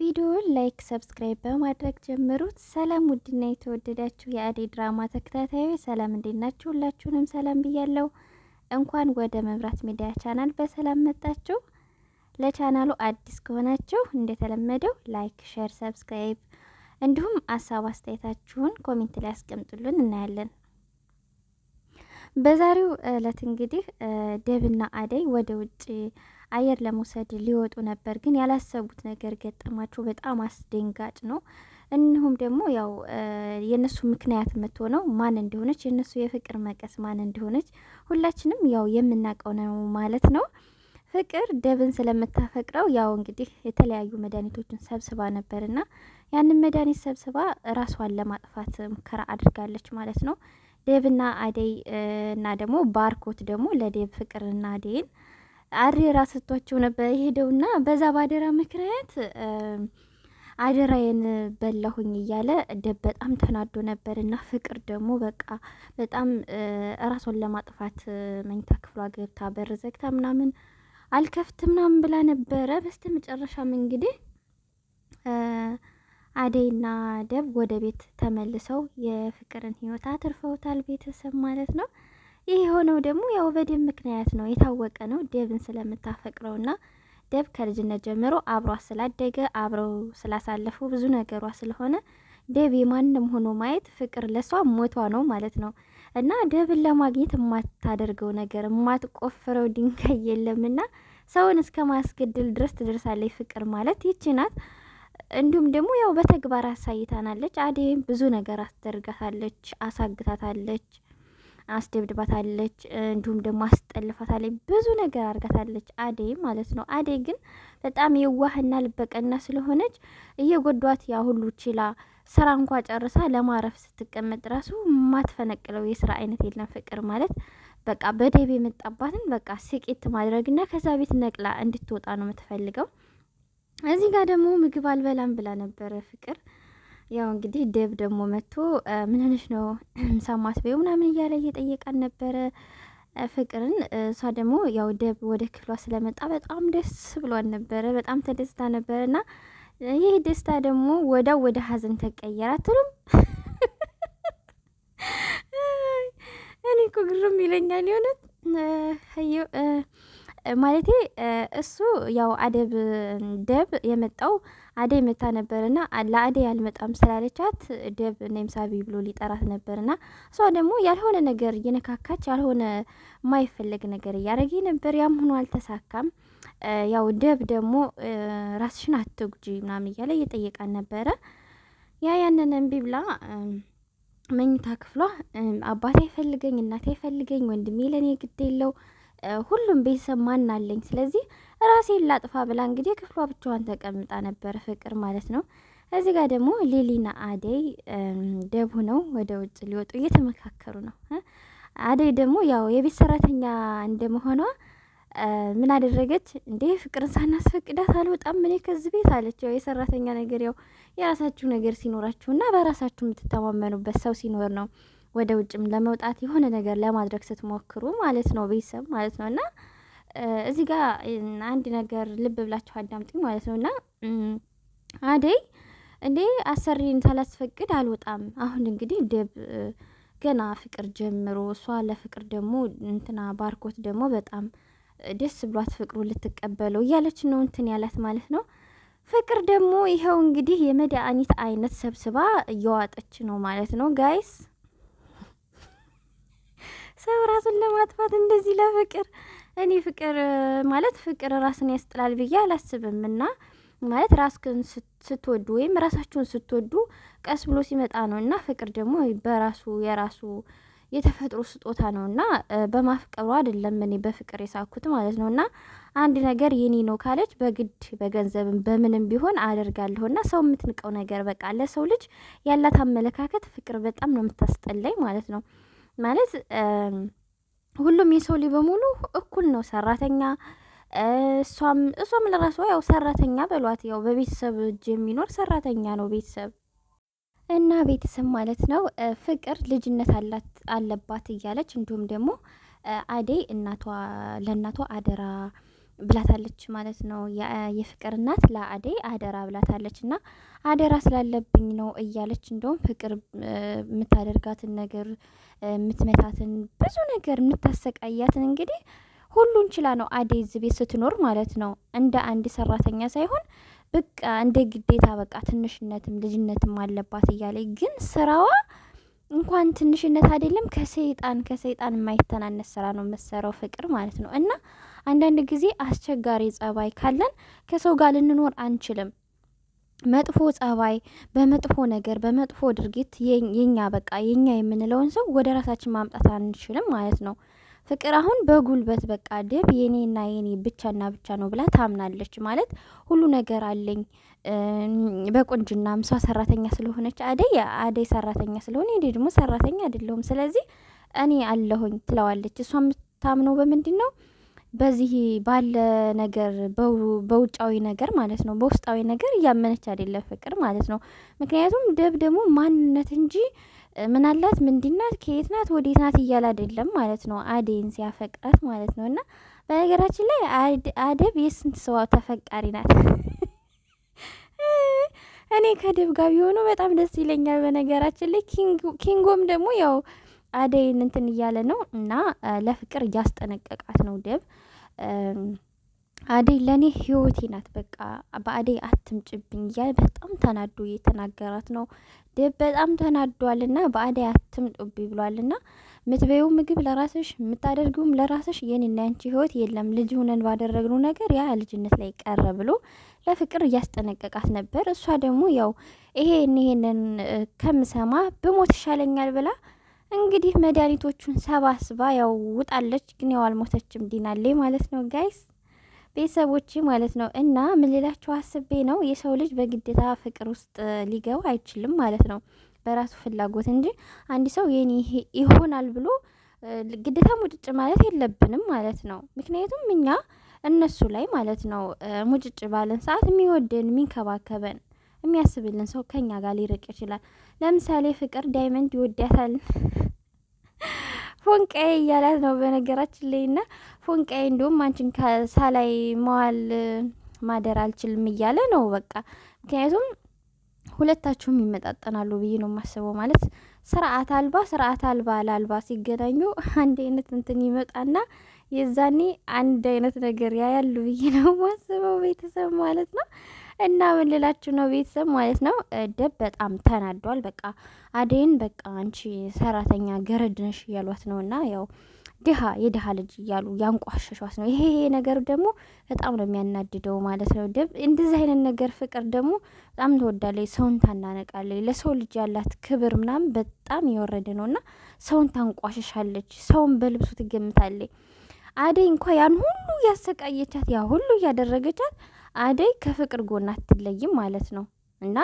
ቪዲዮውን ላይክ፣ ሰብስክራይብ በማድረግ ጀምሩት። ሰላም ውድና የተወደዳችሁ የአደይ ድራማ ተከታታዮች ሰላም እንዴት ናችሁ? ሁላችሁንም ሰላም ብያለሁ። እንኳን ወደ መብራት ሚዲያ ቻናል በሰላም መጣችሁ። ለቻናሉ አዲስ ከሆናችሁ እንደተለመደው ላይክ፣ ሼር፣ ሰብስክራይብ እንዲሁም አሳብ አስተያየታችሁን ኮሜንት ላይ አስቀምጡልን እናያለን። በዛሬው እለት እንግዲህ ደብና አደይ ወደ ውጭ አየር ለመውሰድ ሊወጡ ነበር፣ ግን ያላሰቡት ነገር ገጠማቸው። በጣም አስደንጋጭ ነው። እንሁም ደግሞ ያው የእነሱ ምክንያት የምትሆነው ማን እንደሆነች የእነሱ የፍቅር መቀስ ማን እንደሆነች ሁላችንም ያው የምናውቀው ነው ማለት ነው። ፍቅር ደብን ስለምታፈቅረው ያው እንግዲህ የተለያዩ መድኃኒቶችን ሰብስባ ነበርና ያንን መድኃኒት ሰብስባ ራሷን ለማጥፋት ሙከራ አድርጋለች ማለት ነው። ደብና አደይ እና ደግሞ ባርኮት ደግሞ ለዴብ ፍቅርና አደይን አሬራ ሰጥቷቸው ነበር የሄደውና በዛ ባደራ ምክንያት አደራዬን በላሁኝ እያለ በጣም ተናዶ ነበር። እና ፍቅር ደግሞ በቃ በጣም ራሷን ለማጥፋት መኝታ ክፍሏ ገብታ በር ዘግታ ምናምን አልከፍት ምናምን ብላ ነበረ። በስተ መጨረሻም እንግዲህ አደይና ደብ ወደ ቤት ተመልሰው የፍቅርን ህይወት አትርፈውታል ቤተሰብ ማለት ነው። ይህ የሆነው ደግሞ ያው በደብ ምክንያት ነው፣ የታወቀ ነው። ደብን ስለምታፈቅረው ና ደብ ከልጅነት ጀምሮ አብሯ ስላደገ አብረው ስላሳለፉ ብዙ ነገሯ ስለሆነ ደብ የማንም ሆኖ ማየት ፍቅር ለሷ ሞቷ ነው ማለት ነው። እና ደብን ለማግኘት የማታደርገው ነገር የማትቆፍረው ድንጋይ የለምና ሰውን እስከ ማስገደል ድረስ ትደርሳለች። ፍቅር ማለት ይቺ ናት። እንዲሁም ደግሞ ያው በተግባር አሳይታናለች። አዴ ብዙ ነገር አስደርጋታለች፣ አሳግታታለች። አስደብድባታለች፣ እንዲሁም ደግሞ አስጠልፋታለች፣ ብዙ ነገር አድርጋታለች። አዴ ማለት ነው። አዴ ግን በጣም የዋህና ልበቀና ስለሆነች እየጎዷት ያ ሁሉ ችላ ስራ እንኳ ጨርሳ ለማረፍ ስትቀመጥ ራሱ ማትፈነቅለው የስራ አይነት የለም። ፍቅር ማለት በቃ በደብ የመጣባትን በቃ ስቄት ማድረግና ከዛ ቤት ነቅላ እንድትወጣ ነው የምትፈልገው። እዚህ ጋር ደግሞ ምግብ አልበላም ብላ ነበረ ፍቅር ያው እንግዲህ ዴቭ ደግሞ መጥቶ ምን ሆነሽ ነው ሳማት በዩ ምናምን እያለ እየጠየቃን ነበረ ፍቅርን። እሷ ደግሞ ያው ዴቭ ወደ ክፍሏ ስለመጣ በጣም ደስ ብሏን ነበረ፣ በጣም ተደስታ ነበረ። እና ይህ ደስታ ደግሞ ወዳው ወደ ሀዘን ተቀየረ አትሉም? እኔ እኮ ግርም ይለኛል የሆነት ማለቴ እሱ ያው አደብ ዴቭ የመጣው አደይ መታ ነበርና ለአደይ አልመጣም ስላለቻት ደብ እኔም ሳቢ ብሎ ሊጠራት ነበርና እሷ ደግሞ ያልሆነ ነገር እየነካካች ያልሆነ ማይፈለግ ነገር እያደረገ ነበር። ያም ሆኖ አልተሳካም። ያው ደብ ደግሞ ራስሽን አትጉጂ ምናምን እያለ እየጠየቃን ነበረ። ያ ያንን እምቢ ብላ መኝታ ክፍሏ አባት አይፈልገኝ፣ እናት አይፈልገኝ፣ ወንድሜ ለእኔ ግድ የለው ሁሉም ቤተሰብ ማን አለኝ፣ ስለዚህ ራሴን ላጥፋ ብላ እንግዲህ ክፍሏ ብቻዋን ተቀምጣ ነበር ፍቅር ማለት ነው። እዚህ ጋር ደግሞ ሌሊና አደይ ደቡ ነው ወደ ውጭ ሊወጡ እየተመካከሩ ነው። አደይ ደግሞ ያው የቤት ሰራተኛ እንደመሆኗ ምን አደረገች እንዴ? ፍቅርን ሳናስፈቅዳት አልወጣም እኔ ከዚህ ቤት አለች። ያው የሰራተኛ ነገር ያው የራሳችሁ ነገር ሲኖራችሁ እና በራሳችሁ የምትተማመኑበት ሰው ሲኖር ነው ወደ ውጭም ለመውጣት የሆነ ነገር ለማድረግ ስትሞክሩ ማለት ነው፣ ቤተሰብ ማለት ነው። እና እዚህ ጋር አንድ ነገር ልብ ብላችሁ አዳምጡኝ ማለት ነው። እና አደይ እንዴ አሰሪን ሳላስፈቅድ አልወጣም። አሁን እንግዲህ ድብ ገና ፍቅር ጀምሮ እሷ ለፍቅር ደግሞ እንትና ባርኮት ደግሞ በጣም ደስ ብሏት ፍቅሩ ልትቀበለው እያለች ነው እንትን ያላት ማለት ነው። ፍቅር ደግሞ ይኸው እንግዲህ የመድኃኒት አይነት ሰብስባ እየዋጠች ነው ማለት ነው ጋይስ ሰው ራሱን ለማጥፋት እንደዚህ ለፍቅር እኔ ፍቅር ማለት ፍቅር ራስን ያስጥላል ብዬ አላስብም እና ማለት ራስክን ስትወዱ ወይም ራሳችሁን ስትወዱ ቀስ ብሎ ሲመጣ ነው እና ፍቅር ደግሞ በራሱ የራሱ የተፈጥሮ ስጦታ ነው እና በማፍቀሩ አይደለም እኔ በፍቅር የሳኩት ማለት ነው። እና አንድ ነገር የኔ ነው ካለች በግድ በገንዘብም በምንም ቢሆን አደርጋለሁ እና ሰው የምትንቀው ነገር በቃ ለሰው ልጅ ያላት አመለካከት ፍቅር በጣም ነው የምታስጠላኝ ማለት ነው። ማለት ሁሉም የሰው ልጅ በሙሉ እኩል ነው። ሰራተኛ እሷም እሷም ለራሷ ያው ሰራተኛ በሏት። ያው በቤተሰብ እጅ የሚኖር ሰራተኛ ነው ቤተሰብ እና ቤተሰብ ማለት ነው። ፍቅር ልጅነት አለባት እያለች እንዲሁም ደግሞ አደይ እናቷ ለእናቷ አደራ ብላታለች ማለት ነው። የፍቅር እናት ለአደይ አደራ ብላታለች እና አደራ ስላለብኝ ነው እያለች እንደውም ፍቅር የምታደርጋትን ነገር የምትመታትን ብዙ ነገር የምታሰቃያትን እንግዲህ ሁሉን ችላ ነው አደይ እዚህ ቤት ስትኖር ማለት ነው። እንደ አንድ ሰራተኛ ሳይሆን በቃ እንደ ግዴታ በቃ ትንሽነትም ልጅነትም አለባት እያለ ግን ስራዋ እንኳን ትንሽነት አይደለም ከሰይጣን ከሰይጣን የማይተናነስ ስራ ነው መሰረው ፍቅር ማለት ነው እና አንዳንድ ጊዜ አስቸጋሪ ጸባይ ካለን ከሰው ጋር ልንኖር አንችልም። መጥፎ ጸባይ፣ በመጥፎ ነገር፣ በመጥፎ ድርጊት የኛ በቃ የኛ የምንለውን ሰው ወደ ራሳችን ማምጣት አንችልም ማለት ነው። ፍቅር አሁን በጉልበት በቃ ድብ የኔና የኔ ብቻና ብቻ ነው ብላ ታምናለች። ማለት ሁሉ ነገር አለኝ በቁንጅና ምሷ ሰራተኛ ስለሆነች አደይ አደይ ሰራተኛ ስለሆነ እኔ ደግሞ ሰራተኛ አይደለሁም፣ ስለዚህ እኔ አለሁኝ ትለዋለች። እሷ የምታምነው በምንድን ነው? በዚህ ባለ ነገር በውጫዊ ነገር ማለት ነው። በውስጣዊ ነገር እያመነች አይደለም ፍቅር ማለት ነው። ምክንያቱም ደብ ደግሞ ማንነት እንጂ ምናላት ምንድናት፣ ከየት ናት፣ ወዴት ናት እያለ አይደለም ማለት ነው። አዴን ሲያፈቅራት ማለት ነው። እና በነገራችን ላይ አደብ የስንት ሰው ተፈቃሪ ናት። እኔ ከደብ ጋር ቢሆኑ በጣም ደስ ይለኛል። በነገራችን ላይ ኪንጎም ደግሞ ያው አደይን እንትን እያለ ነው እና ለፍቅር እያስጠነቀቃት ነው ደብ አደይ ለእኔ ህይወቴ ናት፣ በቃ በአደይ አትምጭብኝ እያለ በጣም ተናዶ የተናገራት ነው። ደብ በጣም ተናዷል በአደይ አትምጡብኝ ብሏል እና ምትበይው ምግብ ለራስሽ የምታደርጊውም ለራስሽ የኔና ያንቺ ህይወት የለም፣ ልጅ ሁነን ባደረግነው ነገር ያ ልጅነት ላይ ቀረ ብሎ ለፍቅር እያስጠነቀቃት ነበር። እሷ ደግሞ ያው ይሄን ይሄንን ከምሰማ ብሞት ይሻለኛል ብላ እንግዲህ መድኃኒቶቹን ሰባስባ ያው ውጣለች። ግን ያው አልሞተችም፣ ድናለች ማለት ነው ጋይስ ቤተሰቦች ማለት ነው። እና ምን ልላችሁ አስቤ ነው የሰው ልጅ በግዴታ ፍቅር ውስጥ ሊገባ አይችልም ማለት ነው፣ በራሱ ፍላጎት እንጂ አንድ ሰው የኔ ይሆናል ብሎ ግዴታ ሙጭጭ ማለት የለብንም ማለት ነው። ምክንያቱም እኛ እነሱ ላይ ማለት ነው ሙጭጭ ባለን ሰዓት የሚወደን የሚንከባከበን የሚያስብልን ሰው ከኛ ጋር ሊርቅ ይችላል። ለምሳሌ ፍቅር ዳይመንድ ይወዳታል ፎንቃዬ እያላት ነው በነገራችን ላይ እና ፎንቃዬ እንዲሁም አንቺን ሳላይ መዋል ማደር አልችልም እያለ ነው በቃ ምክንያቱም ሁለታችሁም ይመጣጠናሉ ብዬ ነው የማስበው። ማለት ስርዓት አልባ ስርዓት አልባ ላልባ ሲገናኙ አንድ አይነት እንትን ይመጣና የዛኔ አንድ አይነት ነገር ያያሉ ብዬ ነው የማስበው ቤተሰብ ማለት ነው። እና ምን ልላችሁ ነው ቤተሰብ ማለት ነው። ደብ በጣም ተናዷል። በቃ አደይን በቃ አንቺ ሰራተኛ ገረድ ነሽ እያሏት ነው እና ያው ድሃ የድሃ ልጅ እያሉ ያንቋሸሿት ነው። ይሄ ነገር ደግሞ በጣም ነው የሚያናድደው ማለት ነው። ደብ እንደዚህ አይነት ነገር ፍቅር ደግሞ በጣም ትወዳለች። ሰውን ታናነቃለች። ለሰው ልጅ ያላት ክብር ምናምን በጣም የወረደ ነው እና ሰውን ታንቋሸሻለች። ሰውን በልብሱ ትገምታለች። አደይ እንኳ ያን ሁሉ እያሰቃየቻት ያ ሁሉ እያደረገቻት አደይ ከፍቅር ጎን አትለይም ማለት ነው። እና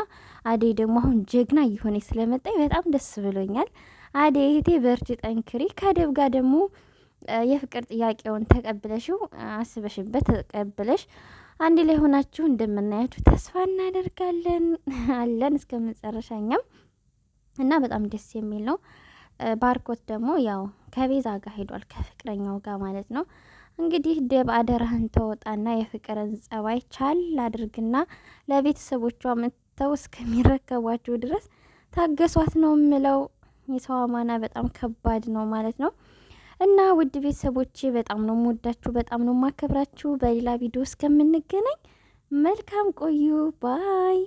አደይ ደግሞ አሁን ጀግና እየሆነ ስለመጣኝ በጣም ደስ ብሎኛል። አደይ እህቴ በርቺ፣ ጠንክሪ። ከደብ ጋር ደግሞ የፍቅር ጥያቄውን ተቀብለሽው አስበሽበት ተቀብለሽ አንድ ላይ ሆናችሁ እንደምናያችሁ ተስፋ እናደርጋለን አለን እስከ መጨረሻኛም እና በጣም ደስ የሚል ነው። ባርኮት ደግሞ ያው ከቤዛ ጋር ሄዷል፣ ከፍቅረኛው ጋር ማለት ነው። እንግዲህ ደብ አደራህን ተወጣና የፍቅርን ጸባይ ቻል አድርግና ለቤተሰቦቿ ምተው እስከሚረከቧቸው ድረስ ታገሷት ነው የምለው። የሰው አማና በጣም ከባድ ነው ማለት ነው። እና ውድ ቤተሰቦቼ በጣም ነው የምወዳችሁ፣ በጣም ነው የማከብራችሁ። በሌላ ቪዲዮ እስከምንገናኝ መልካም ቆዩ ባይ